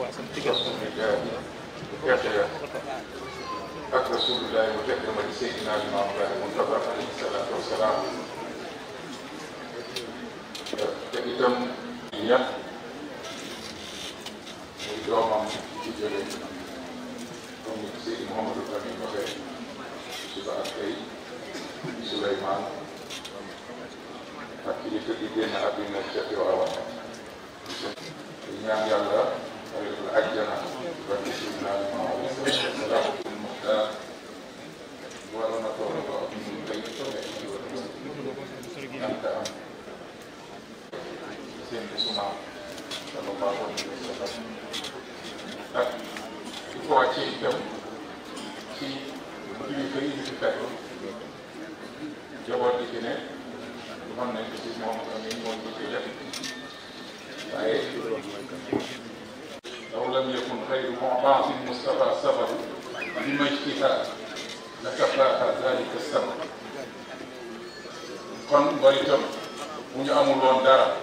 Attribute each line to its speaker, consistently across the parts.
Speaker 1: wa san digal ak rasulullahi wa takrama li sayyidina Muhammad Mustafa alayhi salaatu wa salaam te itam yàq muy doomam ci jógee comme ni Seydi Mouhamadou Amin waxee suba ak tey Souleymane ak kilifa gi génn àddina ca Tiwaawan ñaan yàlla الأجنة وكشفنا المعروف صدق المختار ورنطور من البيت أنت أمر سيد سمع صلى الله عليه وسلم ko wàcce itam ci kilifa yi ñu fekk jaboot bi ci ne xam nañ ko ci moom tamit moom ci waaye lam yakun xayru mu'taasin Mustafa sabaru li majtihaa la kafaaha dalika sabab kon bari itam ñu amul woon dara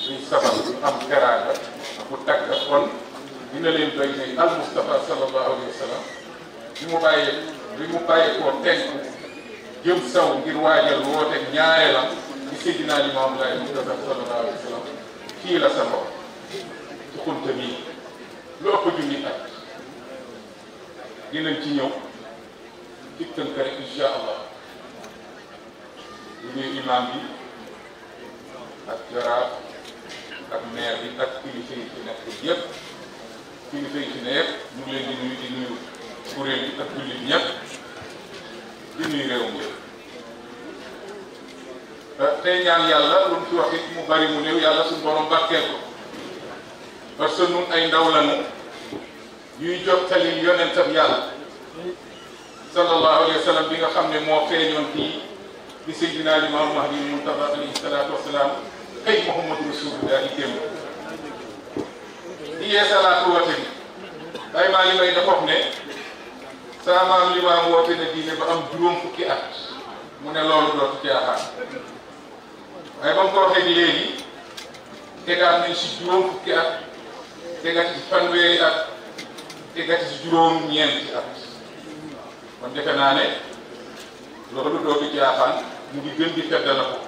Speaker 1: suñ safar bu am teraanga bu tagg kon dina leen doy al Mustafa sallallahu alayhi wa bi mu bàyyee bi jëm saw ngir waajal woote ñaareelam ci Seydina Limaamu Laay Mustafa sallallahu alayhi wa sallam fii sa Kunta bi lu ëpp junni at dinañ ci ñëw ci tënk allah ñu nuyu imam bi ak jaraaf ak maire bi ak kilifa yi ci nekk yëpp kilifa ci ne yëpp leen di nuyu di nuyu kuréel bi ak jullit ñëpp di nuyu réew mi eh, tey ñaan yàlla lu mu ci mu bari mu néew yàlla suñu borom barkeel ko parce que nun ay ndaw lañu yuy jottali yonentam yàlla sallallahu alayhi wa bi nga xam ne moo feeñoon fii bi Seydina Limaamu Mahdi Muntaqa alayhi salaatu wasalaam ay Muhammadu Rasulullah yi téem di yee salaatu woote bi bay maa li may dafa ne saa maam limaam woote na diine ba am juróom fukki at mu ne loolu dootu caaxaan waaye ba mu ko waxee léegi tegaat nañ si juróom fukki at tegati si fanweeri at tegati si juróom-ñeenti at kon defe naa ne loolu dootu jaaxaan mu ngi gën di feddala ko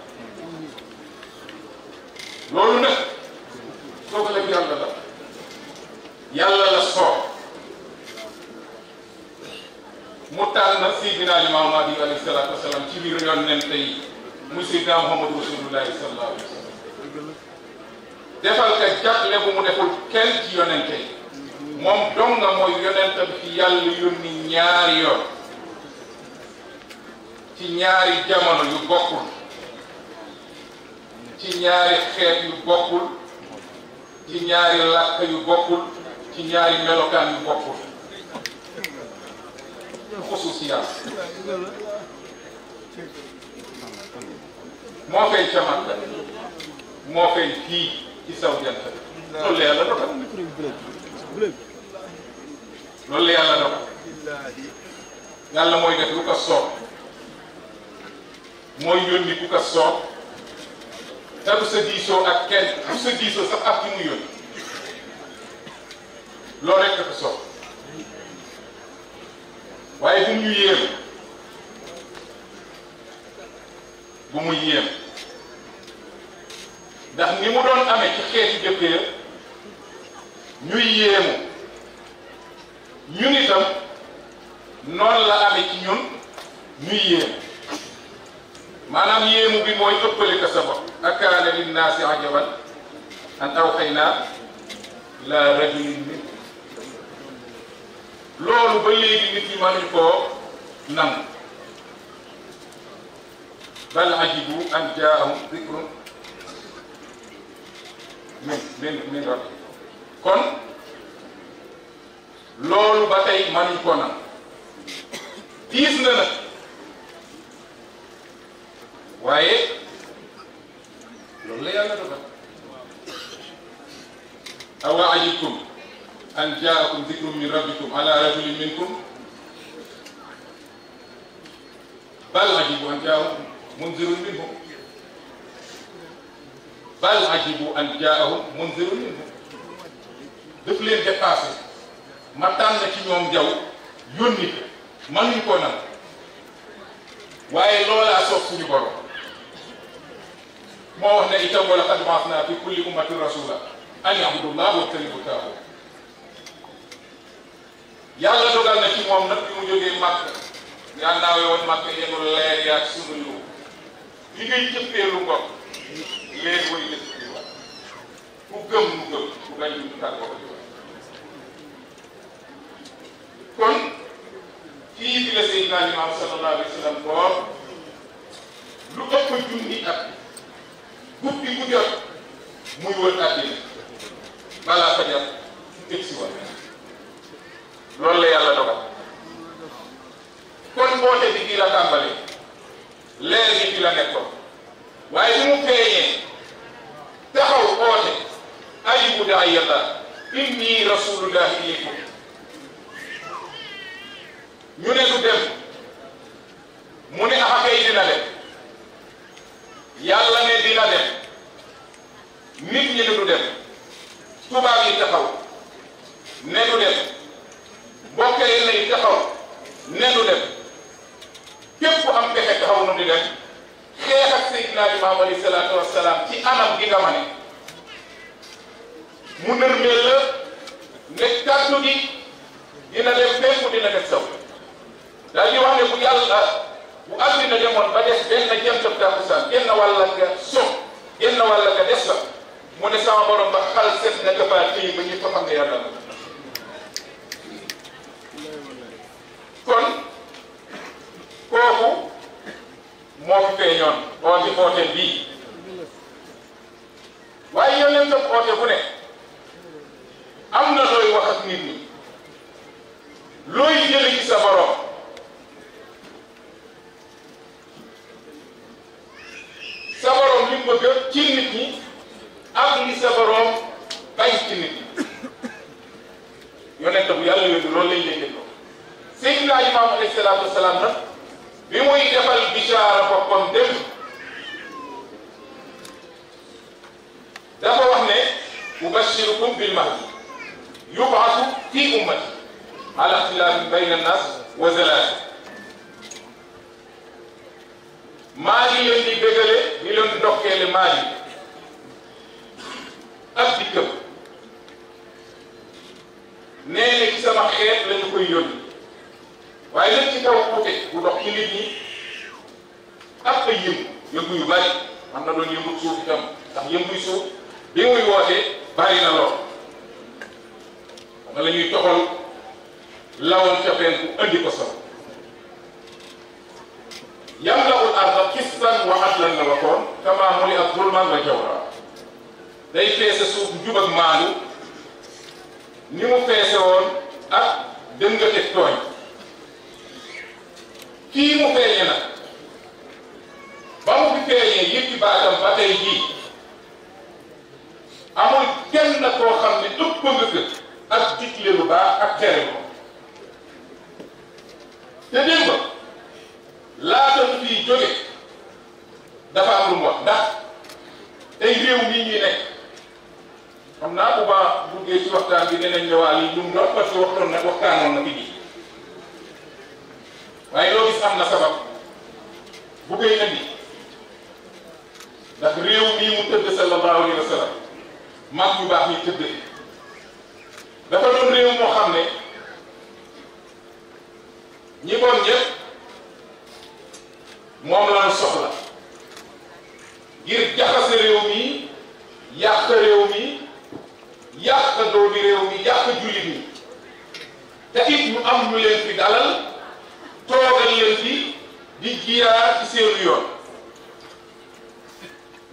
Speaker 1: loolu nag dogalam yàlla la yàlla la soob mu tànn na Seydina Limaamu Mahdi alayhi salaatu wa salaam ci biir yonent yi muy Seydina Muhammadu Rasulullahi sallallahu alayhi wa sallam defal ka jagle bu mu deful kenn ci yonente yi moom dong nga mooy yonentam fi yàlla yónni ñaari yoon ci ñaari jamono yu bokkul ci ñaari xeet yu bokkul ci ñaari làkk yu bokkul ci ñaari melokaan yu bokkul moo fay ca moo fay fii ci saw jant loolu la yàlla dogal loolu la yàlla dogal yàlla mooy def lu ko soob mooy yónni ku ko soob te du sa diisoo ak kenn du sa diisoo sax ak ki mu yónni loolu rek dafa soob waaye bu mu ñu yéem bu mu yéem ndax ni mu doon amee ci xeeti jëkk ya ñuy yéemu ñun itam noonu la amee ci ñun ñuy yéemu maanaam yéemu bi mooy ëppale ko sa bopp akaana linnaasi ajaban an awxaynaa la rajulin min loolu ba léegi nit ñi mënuñu koo nangu bal ajibu an jaahum mi min min rabbi kon loolu ba tey mënuñ ko nag diis na waaye loolu la yàlla dogal awa ajibtum an jaakum dikrum min rabbikum ala rajulin minkum bal ajibu an jaakum munzirun minhum bal ajibu an jaahum munzirun minhum daf leen dépassé ma tànn ci ñoom jaww yónni ko mënuñ ko nag waaye loolaa soog suñu borom moo wax ne itam wa laqad ba'athna fi kulli ummatin rasula an ya'budu llaha wajtanibu taaxut yàlla dogal na ci moom nag bi mu jógee màkk yaa naawe woon màkk yenu leer yaag sunu lu li ngay jëppee lu ngor léegi mooy des bu ñu wax ku gëm mu ku bañ ñu tàggoo di wax kon fii fi la Seydina Limaamu sallallahu alayhi wa sallam boor lu ëpp junni at guddi gu jot muy wër àddina balaa ko jot teg si woon loolu la yàlla dogal kon mboote bi fii la tàmbalee leer bi fi la nekkoon waaye su mu feeñee taxaw oote ay mu daay yàlla inni rasulullahi ilaykum ñu ne du dem mu ne axakay dina dem yàlla ne dina dem nit ñi ne du dem tubaab yi taxaw ne du dem mbokk yi lay taxaw ne dem képp am pexe taxaw nu di dem xeex ak Seydina Limaam alayhi salaatu wasalaam ci anam gi nga ne mu nërmeel la ne kàddu gi dina def fépp dina def saw daal di wax ne bu yàlla bu àddina demoon ba des benn jant tàkkusaan genn wàll nga soog genn wàll nga des la mu ne sama borom ba xal set na gabaat yi ba ñëpp xam ne yàlla la kon kooku moo fi feeñoon oote oote bii waaye yonentam oote bu ne am na looy wax ak nit ñi looy jële ci sa borom sa borom li nit ñi ak li sa borom bañ ci nit ñi yonentam yàlla yooyu loolu lañ leen dégloo Seydina Imaam alayhi salaatu wasalaam nag bi muy defal bisaara boppam dem dafa wax ne ubashirukum bil mahdi yubaasu fi ummati ala ixtilaafi bayna annaas wa zalaati maa ngi leen di bégale di leen dokkeele maa ngi ak dikkam nee na ci sama xeet lañu koy yónni waaye lépp ci kaw tuute bu dox ci nit ñi ak ay yëngu yëngu yu bari am na doon yëngu suuf itam ndax yëngu suuf bi muy woote bari na lool nga la ñuy toxal lawal ca penku andi ko sax yamla'ul arda qistan wa adlan la waxoon kama muli'at zulman wa feese suuf njub ak maandu ni mu feese woon ak dëngate tooñ kii mu feeñe nag ba mu fi feeñee yëpp baatam ba tey jii amul kenn koo xam ne dëpp nga ko ak digle lu baax ak tere ko te dégg nga laata mu fiy jóge dafa am lu wax ndax tey réew mii ñuy nekk xam naa bu baax buggee ci waxtaan bi dinañ ne waa lii lu mu doon parce waxtoon na waxtaanoon na fi ji. waaye loo gis am na sabab bu koy indi ndax réew mii mu tëdd sallallahu alayhi wa sallam mag ñu baax ñu tëdd dafa doon réew moo xam ne ñi bon moom la soxla ngir jaxase réew mi yàq réew mi yàq doomi réew mi yàq jullit mi te it ñu am lu leen fi dalal. toogal leen fi di jiyaar ci seenu yoon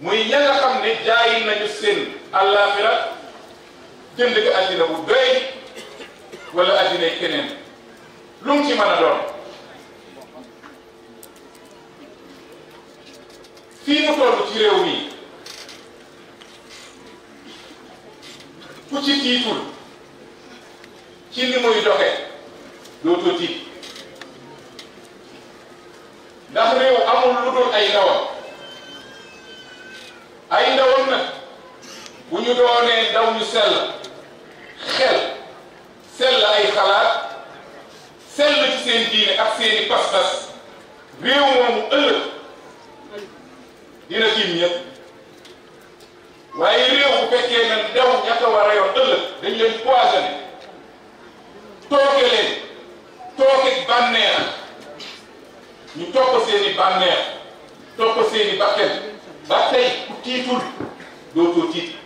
Speaker 1: muy ña nga xam ne jaayi nañu seen àllaaxira jënd ko addina bu doy wala addinay keneen lu ci mën a fii mu toll ci réew mi ku ci tiitul ci li muy doxe dootoo tiit ndax réew amul lu dul ay ndawam ay ndawam nag bu ñu doonee ndaw ñu sell xel sell ay xalaat sell ci seen diine ak seeni pas-pas réew moomu ëllëg dina tiim ñëpp waaye réew bu fekkee na ndaw ña ko war a yor ëllëg dañ leen poisonné tooke leen tooke bànneex ñu topp seen i bànneex topp seen i ba tey ku tiitul dootoo tiit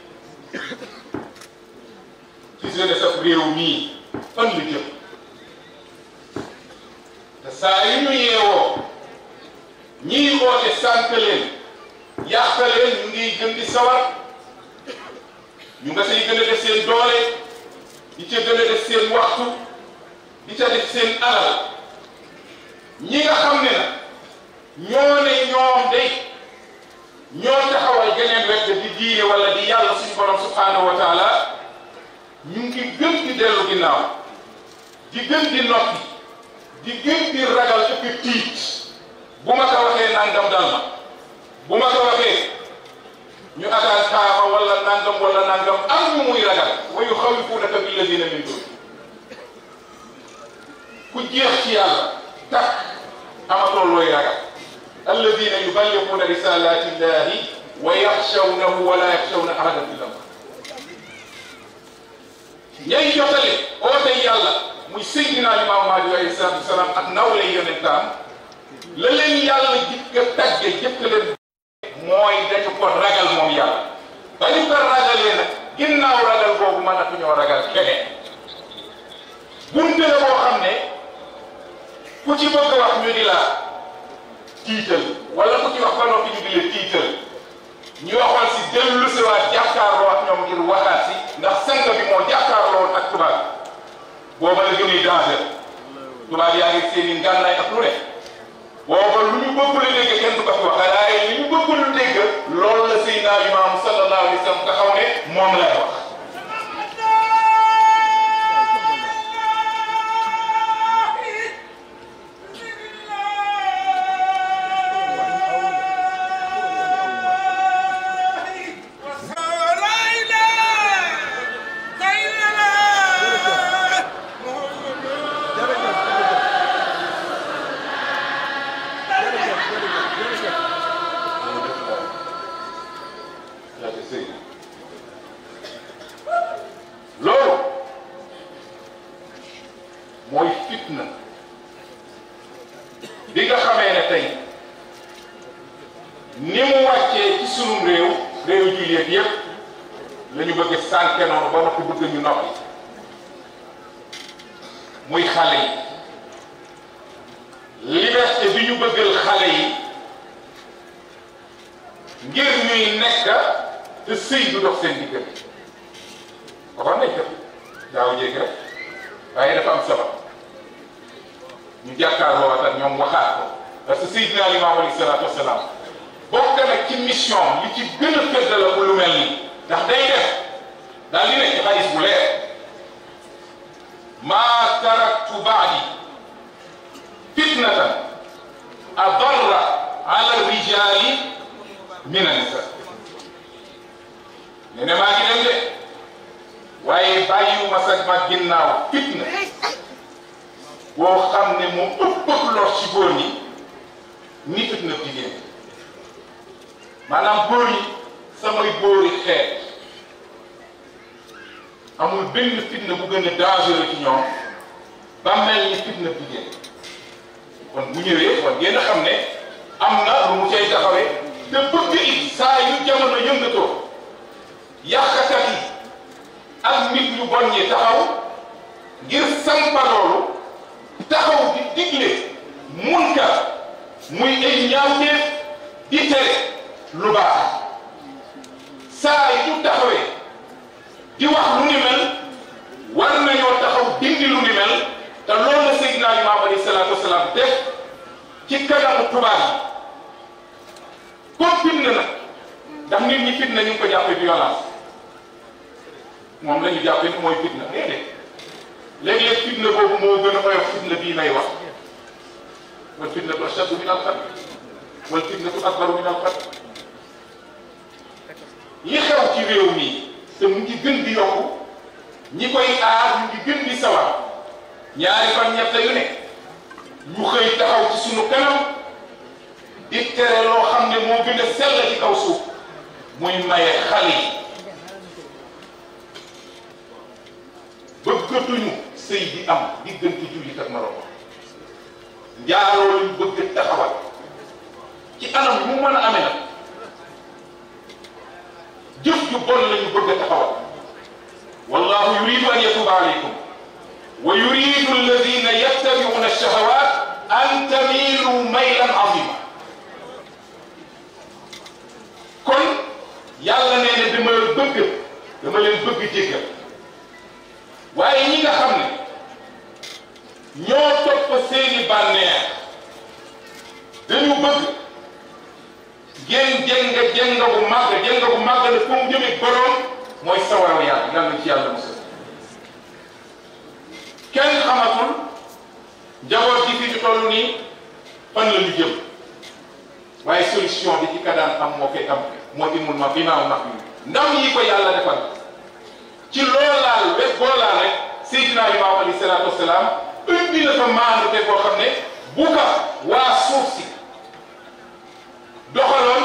Speaker 1: gis nga ne sax réew mii fan la te saa yi ñu yeewoo ñiy woote sànq leen yàq leen ñu ngi gën di sawar ñu nga say gën a def seen doole di ca gën a def seen waxtu di ca def seen alal. ñi nga xam ne la ñoo ne ñoom day ñoo taxawal geneen wet di diine wala di yàlla suñu borom subhanahu ñu ngi gën di dellu ginnaaw di gën di noppi di gën di ragal ëpp tiit bu ma ko waxee nangam dal ma bu ma ko waxee ñu ataan taaba wala nangam wala nangam am ñu muy ragal wa yuxawifunaka billadina min dun ku jeex ci yàlla tax amatoo looy ragal alladina yuballiguna risalati illahi wa yaxshawnahu wala yaxshawna ahadan illa Allah ñay jotale oote yàlla muy Seydina Limaamu Mahdi alayhi salaatu wa salaam ak nawle yonentam la leen yàlla jëkk a tagge jëkk leen mooy dañu ko ragal moom yàlla dañu ko ragalee nag ginnaaw ragal boobu mën na fi ñoo ragal keneen bunte la boo xam ne ku ci bëgg wax ñu ni la tiital wala ku ci wax ba noppi ñu di la tiital ñu waxoon si dellu si waat jàkkaarloo ak ñoom ngir waxaat si ndax sang bi moo jàkkaarloo ak tubaab booba la gën a danger tubaab yaa ngi seen i ngànnaay lu ne booba lu kenn du ko fi wax waaye li ñu bëgg loolu la Seydina Imaam sallallahu alayhi wa ne moom lay wax. mission li ci gën a fëdd la bu mel ni ndax day def daal di nekk xadis bu leer maa taraktu baadi fitnatan adarra ala rijaali min annisa nee na ngi dem de waaye bàyyiwuma sax ma ginnaaw fitna boo xam ne moo ëpp lor ci góor ni fitna jigéen maanaam góor yi samay góori xeet amul benn fitna mu gën a dangereux ci ñoom bàmmeel ni fitna jigéen kon bu ñëwee kon ngeen a xam ne am na lu mu cay taxawee te bëgg it saa yu jamono yëngatoo yàqkat yi ak nit ñu bon ñi taxaw ngir sampa loolu taxaw di digle munkar muy ay ñaawteef di tere lu baax saa yu taxawee di wax lu ni mel war nañoo taxaw dindi lu ni mel te loolu la Seydina Imaam alayhi salaatu wasalaam def ci kanamu tubaab yi fitna nag ndax nit ñi fitna ñu ngi ko jàppee violence moom la ñu ni mooy fitna déedéet léeg fitna boobu moo gën a oyof fitna bii may wax wal fitnatu ashaddu min al-qatl wal fitnatu akbaru min al-qatl li xew ci réew mi te mu ngi gën di yokku ñi koy aar mu ngi gën di sawar ñaari fan ñett yu ne ñu xëy taxaw ci sunu kanam di tere loo xam ne moo gën a sell ci kaw suuf muy maye xale yi bëggatuñu sëy bi am diggante jullit ak moroom njaaloo lañu bëgg بأشبالكم ويريد الذين يتبعون الشهوات أن تميلوا ميلا عظيما كن يالا نينا بما بغ بما لين بغ جيغال waaye ñi nga xam ne ñoo topp seeni bànneex dañu bëgg ngeen jénga jénga bu màgg jénga bu màgg la fu mu jëmee boroom mooy sawaraw yàlla yàlla ci yàlla mosul kenn xamatul njaboot ji fi ñu toll nii fan la ñu jëm waaye solution bi ci ka daan am moo koy am moo imul ma bi maaw ma ndam yi ko yàlla defal ci loo laal bés boo laal rek Seydina Limaamu alayhi salaatu wasalaam indi na fa maandu te boo xam ne bu waa suuf si doxaloon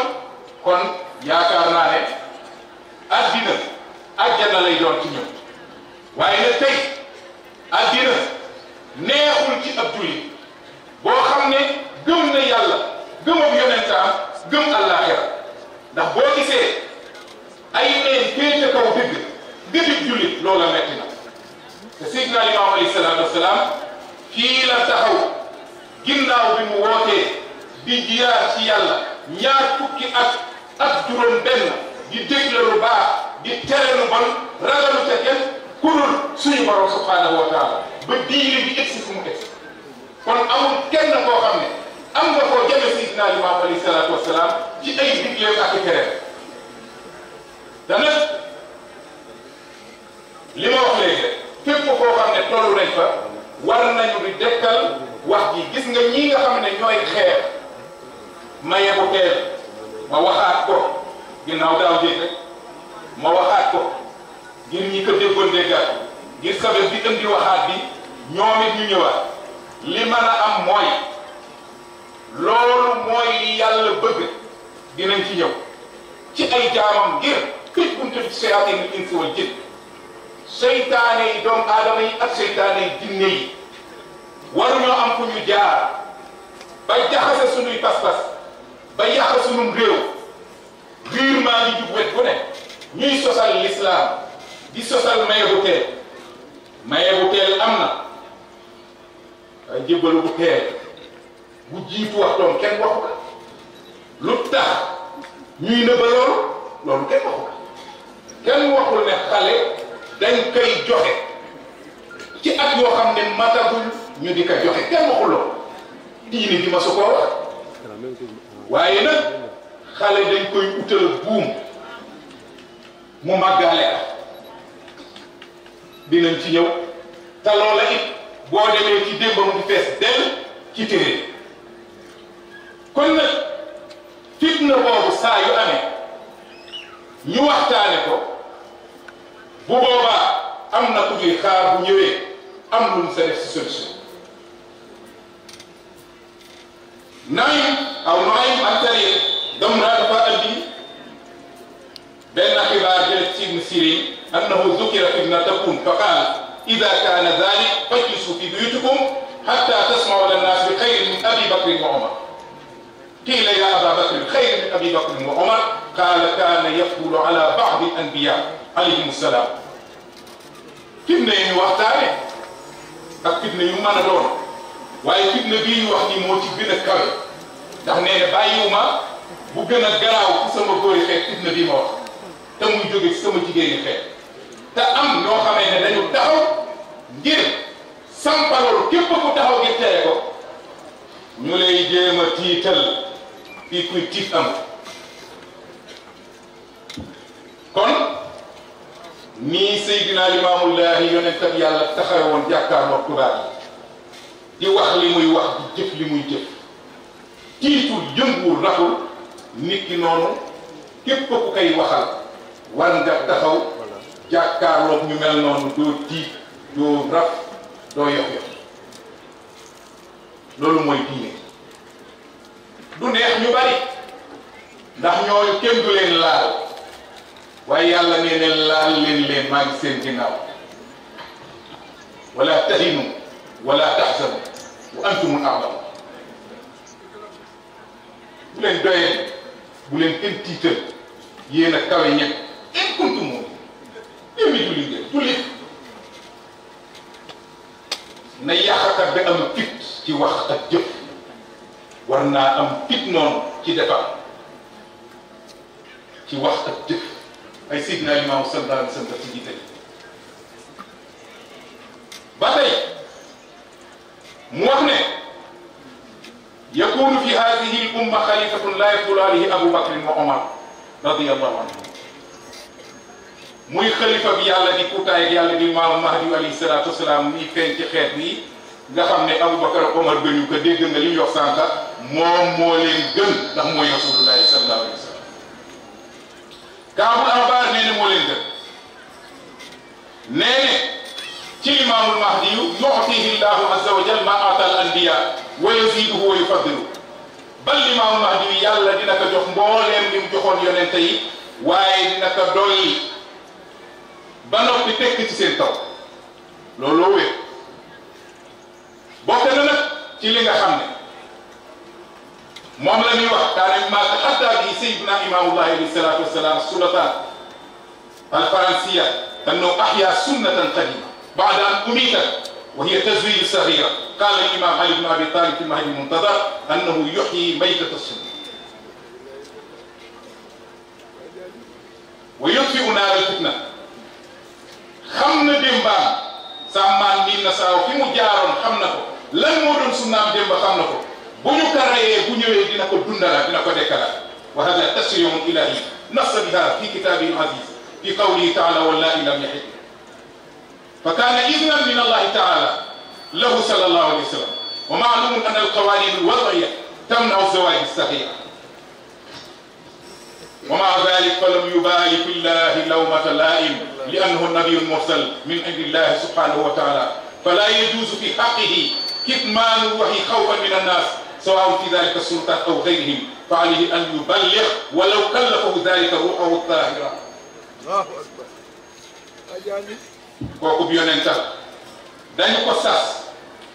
Speaker 1: kon yaakaar naa ne addina àjjana lay doon ci ñëw waaye nag tey àddina neexul ci ab jullit boo xam ne gëm na yàlla gëmam yonentaam gëm àllaaxira ndax boo gisee ay neen féete kaw dëgg dëgg jullit loola metti na te Seydina Limaam alayhi salaatu wasalaam fii la taxaw ginnaaw bi mu wootee di jiyaar ci yàlla ñaar fukki at ak juróom benn di déglu baax di tere lu bon ragalu ca kenn ku dul suñu borom subhanahu wa taala ba diine bi egsi fu mu egsi kon amul kenn koo xam ne am nga koo jëme Seydina Limaamu alayhi salaatu wa salaam ci ay digleem ak i tereem dana li ma wax léegi rek fépp koo xam ne tollu nañ fa war nañu di dekkal wax ji gis nga ñi nga xam ne ñooy xeer maye ko teel ma waxaat ko ginnaaw daaw jéeg rek ma waxaat ko. ngeen ñi ko déggoon déggaat ngir sabab bi indi waxaat bi ñoom it ñu ñëwaat li mën a am mooy loolu mooy yàlla bëgg dinañ ci ñëw ci ay jaamam ngir këj buntu seyaatinil insi wal jinn seytaane yi doomu aadama yi ak seytaane yi jinne yi waruñoo am fu ñu jaar ba jaxase sunuy pas-pas ba yàq sunum réew riir maa ngi jub wet bu ne ñuy sosal lislaam di sosal maye bu teel maye bu teel am na waaye jébbalu bu teel bu jiitu waxtoom kenn waxu ko lu tax ñuy nëbba loolu loolu kenn waxu kenn waxul ne xale dañ koy joxe ci at yoo xam ne matagul ñu di ko joxe kenn waxul loolu diine bi ma su koo wax waaye nag xale dañ koy utal buum mu màggaale dinañ ci ñëw te loola it boo demee ci démbam di fees del ci téere kon nag fitna boobu saa yu amee ñu waxtaane ko bu boobaa am na ku ñuy xaar bu ñëwee am lu sa def si solution Naim aw Naim Al-Tarir dem naa dafa andi benn xibaar jële ci Ibn Sirin أنه ذكر ابنتكم فقال إذا كان ذلك فاجلسوا في بيوتكم حتى تسمعوا للناس بخير من أبي بكر وعمر قيل يا أبا بكر خير من أبي بكر وعمر قال كان يفضل على بعض الأنبياء عليهم السلام fitna yi ñu waxtaane ak fitna yu mën a doon waaye fitna bii ñu wax ni moo ci gën a kawe ndax nee na bàyyiwuma bu gën a garaaw ci sama góori xeet fitna bii ma wax te muy jóge ci sama jigéeni xeet te am ñoo xamee ne dañu taxaw ngir sampaloolu képp ku taxaw ngir tere ko ñu lay jéem a tiital fii kuy tiit am kon nii Seydina Limaamullaahi yonentam yàlla taxawoon jàkkaarloo tubaab yi di wax li muy wax di jëf li muy jëf tiitul yënguwul raxul nit ki noonu képp ku koy waxal war nga jàkkaarloog ñu mel noonu doo tiit doo raf doo yox-yox loolu mooy diine du neex ñu bari ndax ñooñu kenn leen laal waaye yàlla nee ne laal leen leen maa ngi seen ginnaaw wala tahinu wala tahzanu wa antumul a'lamu bu leen doyee bu leen kenn tiital yéen a kawe ñëpp doomi jullit de jullit na yàqkat bi am fit ci wax ak jëf war naa am fit noonu ci defar ci wax ak jëf ay Seydina Limaamu sallallahu alayhi wa sallam ci jiite ba tey mu wax ne yakunu fi hadihi al umma xalifatun la yadulu alayhi Abu Bakrin wa Omar radiyallahu anhu muy xalifa bi yàlla di kuutaay yàlla di maam Mahdi alayhi salaatu wasalaam muy feeñ ci xeet bi nga xam ne Aboubacar Omar gënuñ ko dégg nga li ñu wax moom moo leen gën ndax mooy rasulullahi sallallahu alayhi wa sallam nee na moo leen gën nee ci imaamul mahdi yu yuxtihi llahu azza wa jal ma aata al anbiya wa yaziduhu wa yufaddilu bal imaamul mahdi yu yàlla dina ko jox mbooleem li mu joxoon yonente yi waaye dina ko doy ba noppi tekk ci seen taw looloo wér bokk na nag ci li nga xam ne moom la ñuy wax taarif maag xataa bi sayyidina imaamullahi alayhi salaatu wasalaam sulatan alfaransiya annahu ahya sunnatan qadima baada an umita wa hiya tazwiij saxiira qaala al-imaam Ali ibn Abi Taalib fi Mahdi Muntazar annahu yuxyi maytata sunna wa yutfiu naara fitna xam na démbaam sàmmaan bi nasaaw fi mu jaaroon xam na ko lan moo doon sunnaam démba xam na ko bu ñu ko rayee bu ñëwee dina ko dundalaat dina ko dekkalaat wa hada tasriyum ilahi nassa biha fi kitabihi aziz fi qawlihi taala wallahi lam yahid fa kaana idnan min allahi taala lahu sallallahu alayhi wa sallam wa maalumun an alqawanin alwadiyya tamnau zawaji sagira ومع ذلك فلم يبالي في الله لومة لائم لأنه النبي المرسل من عند الله سبحانه وتعالى فلا يجوز في حقه كتمان الوحي خوفا من الناس سواء في ذلك السلطات أو غيرهم فعليه أن يبلغ ولو كلفه ذلك روحه الطاهرة الله أكبر kooku bi yonental dañu ko sas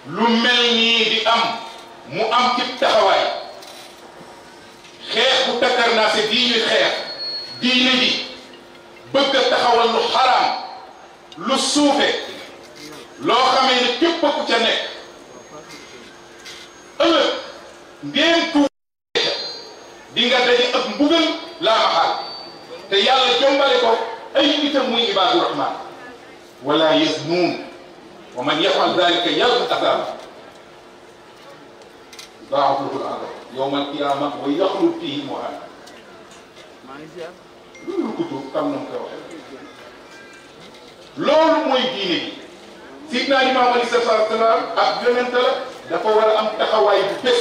Speaker 1: lu mel nii di am mu am ci taxawaay xeex bu takkar naa se diine xeex diine ji bëgg a taxawal lu xaraam lu suufe loo xamee ne képp ku ca nekk ëllëg ndéem tuuti di nga daje ak mbugal laa maxaal te yàlla jombale ko ay nitam muy ibaadu rahmaan wala yaznuun wa man yafal dalika yalqa azaaba daa'afu lahu al-'azaab yawmal qiyaama wa yaxlud fiihi muhaanan loolu ko tuub xam na mu koy waxee loolu mooy diine bi Seydina Imaam Ali sallallahu alayhi ak yonent dafa war a am taxawaay bu bés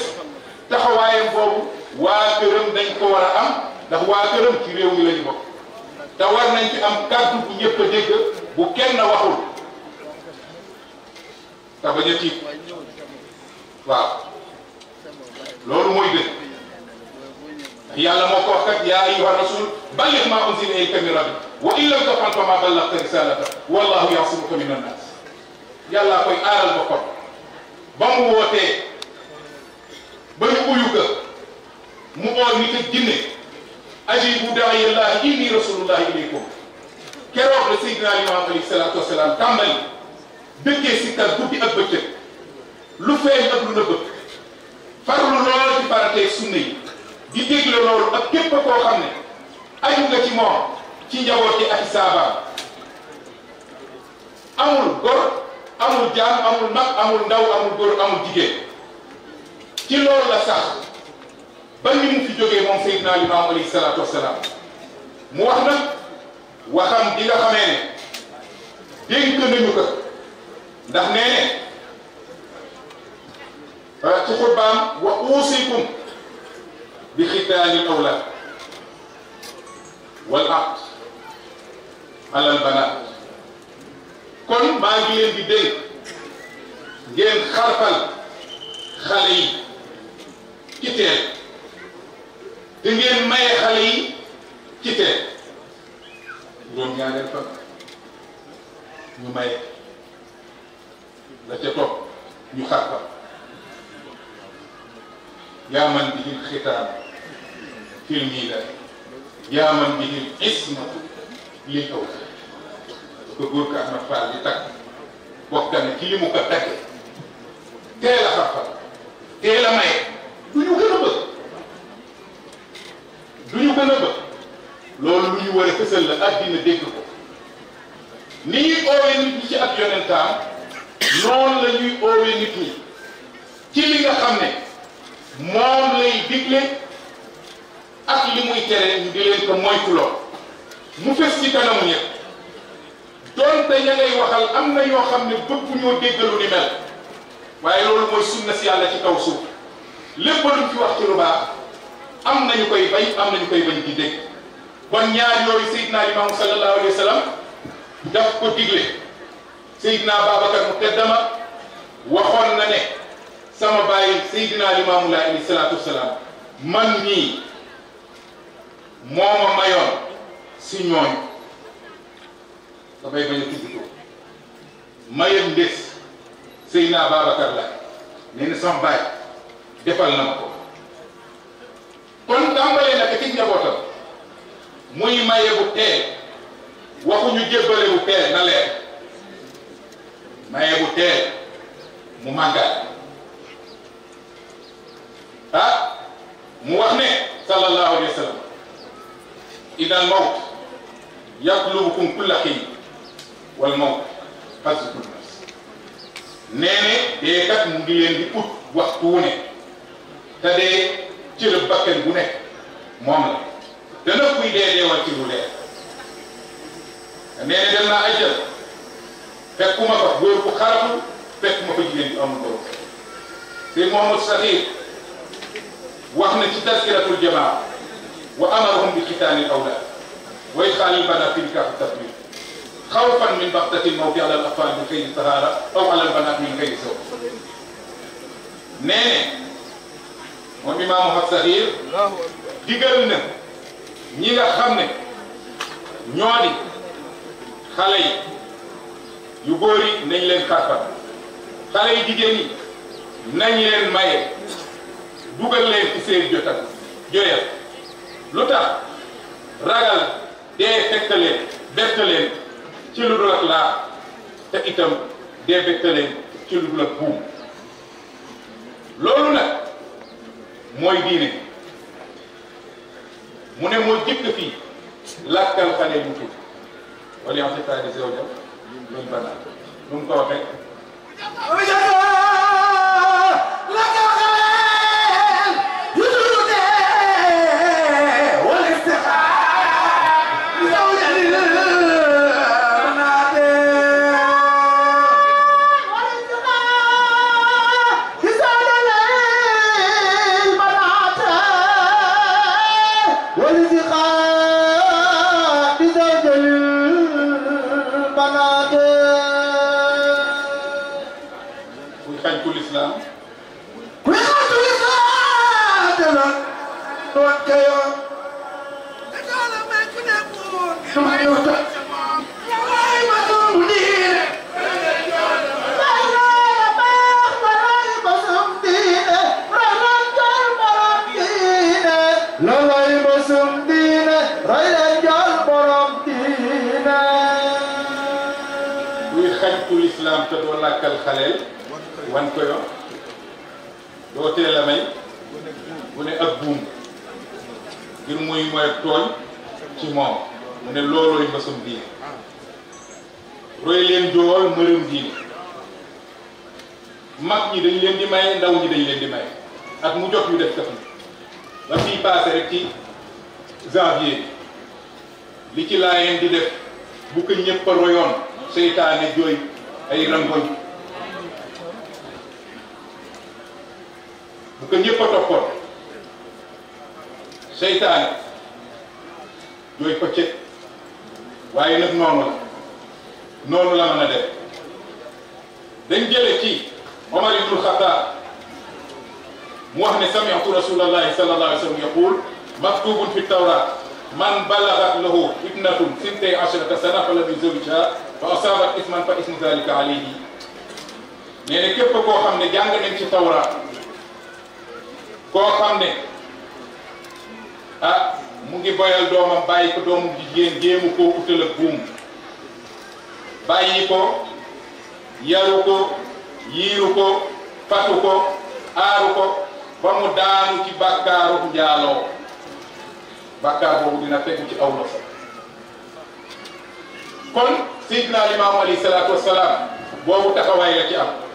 Speaker 1: taxawaayam boobu waa këram dañ ko war a am ndax waa këram ci réew mi la ñu te war nañ ci am kàddu bu ñëpp a dégg bu kenn waxul te bañ a tiit loolu mooy dëgg yàlla moo ko wax kat yaa ayyuha rasul balligh maa unzila ilayka min rabbik wa in lam taf'al famaa ballaghta risalatahu wallahu ya'simuka mina nnaas yàlla koy aaral boppam ba mu wootee ba ñu mu oo nit ak jinne ajibu daa'iya inni rasulullahi ilaykum keroog la Seydina Limaamu alayhi salaatu wasalaam tàmbali dëkkee si kàr guddi lu feeñ ak lu nëbb farlu lool ci farateeg sunna yi di dégle loolu ak képp koo xam ne aju nga ci moom ci njaboot yi ak saabaam amul góor amul jaam amul mag amul ndaw amul góor amul jigéen ci loolu la sax ba ni mu fi jógee moom Seydina Limaamu alayhi salaatu wasalaam mu wax nag waxam di xamee dénk nañu ko ndax nee ci xutbaam wa uusikum bi xitaani awlaad wal aqd alal banaat kon maa ngi leen di ngeen xarfal xale yi ci teel ngeen maye xale yi ci teel ñoom ñaareel ñu maye la ca topp ñu xarfal يا من به الختام في الميلاد يا من به العصمة للتوفيق ko góor ko Ahmed Fall di tagg waxtaan ci li mu ko tagge teel a xarfal teel a maye du ñu gën a bëgg du ñu gën a bëgg loolu lu ñu war a fësal la àddina dégg ko ni oowee nit ñi ci ak yonentaam noonu la oowee nit ñi ci li nga xam ne moom lay digle ak li muy tere ñu di leen ko moytuloo mu fes ci kanamu ñëpp donte ña ngay waxal am na yoo xam ne bëgg ñoo déggalu ni mel waaye loolu mooy sunna si ci kaw suuf lépp ci wax ci lu baax am nañu koy bay am nañu koy bañ di dégg kon ñaar yooyu Seydina Limaamu sallallahu alayhi wa sallam daf ko digle Seydina Babacar mu teddama waxoon na ne sama bàyyi Seydina Limaamu Laay alayhi salaatu wasalaam man mii mooma mayoon si ñooñ dafay bañ a tudd ko mayam ndés Seydina Babacar la sama bàyyi defal na ma ko kon tàmbalee nag ci njabootam muy maye bu waxuñu jébbale bu tee na leer mu màggal ah mu wax ne sallallahu alayhi wa sallam ida al mawt yatlubukum kulla xiin wal mawt xasbul nafs nee ne dee kat mu ngi ut waxtu wu ne dee cërëb bakkan bu nekk moom la dana dee deewal ci lu leer nee ne naa ajjal fekkuma fa góor bu xaratu fekkuma fa jigéen bu amul borom te Mohamad Saxiir wax na ci taskiratul jamaa wa amarahum bi xitaani awlaad wa idxaali banaat fi nikaaxi tasbir xawfan min baxtati mawti ala al atfaal min xëyri sahaara aw ala al banaat min xëyri sow nee ne moom imaamu Ahmad Saxiir digal na ñi nga xam ne ñoo di xale yi yu góor yi nañ leen kàppal xale yi jigéen yi nañ leen maye. dugal leen ci seen jotam joyal lu tax ragal dee fekk leen bett leen ci lu dul ak laa te itam dee bett leen ci lu dul ak buum loolu nag mooy diine mu ne moo jëkk fii lakkal xale yu tudd wala lu mu ko waxee lislaam te doo làkkal xaleel wan ko yo doo teel a may bu ne ak buum ngir muy mooy tooñ ci moom mu ne loolooy mbasum diine roy leen joowal mbërëm diine mag ñi dañ leen di may ndaw ñi dañ leen di maye ak mu jox ñu def kaf ni ba fii paase rek ci janvier li ci laayeen di def bu ko ñëpp royoon seytaane jooy ay rangoñ bu ko ñëpp toppoon seytaane jooy ko waaye nag noonu la noonu la mën a def dañ jële ci Omar ibnul Xataab mu wax ne sami'tu rasulallahi sallallahu alayhi wa sallam yaqul maktubun fi tawrat man balagat lahu ibnatun sintay ashrata sana fa lam yuzawwijha fa asabat isman fa ismu dalika alayhi nee na képp koo xam ne jàng nañ ci tawrat koo xam ne ah mu ngi boyal doomam bàyyi ko doomu jigéen jéemu koo utal buum bàyyi ko yaru ko yiiru ko fatu ko aaru ko ba mu daanu ci bàkkaaru njaaloo bàkkaar boobu dina tegu ci aw loxo kon Seydina Limaamu alayhi salaatu wassalaam boobu taxawaay la ci am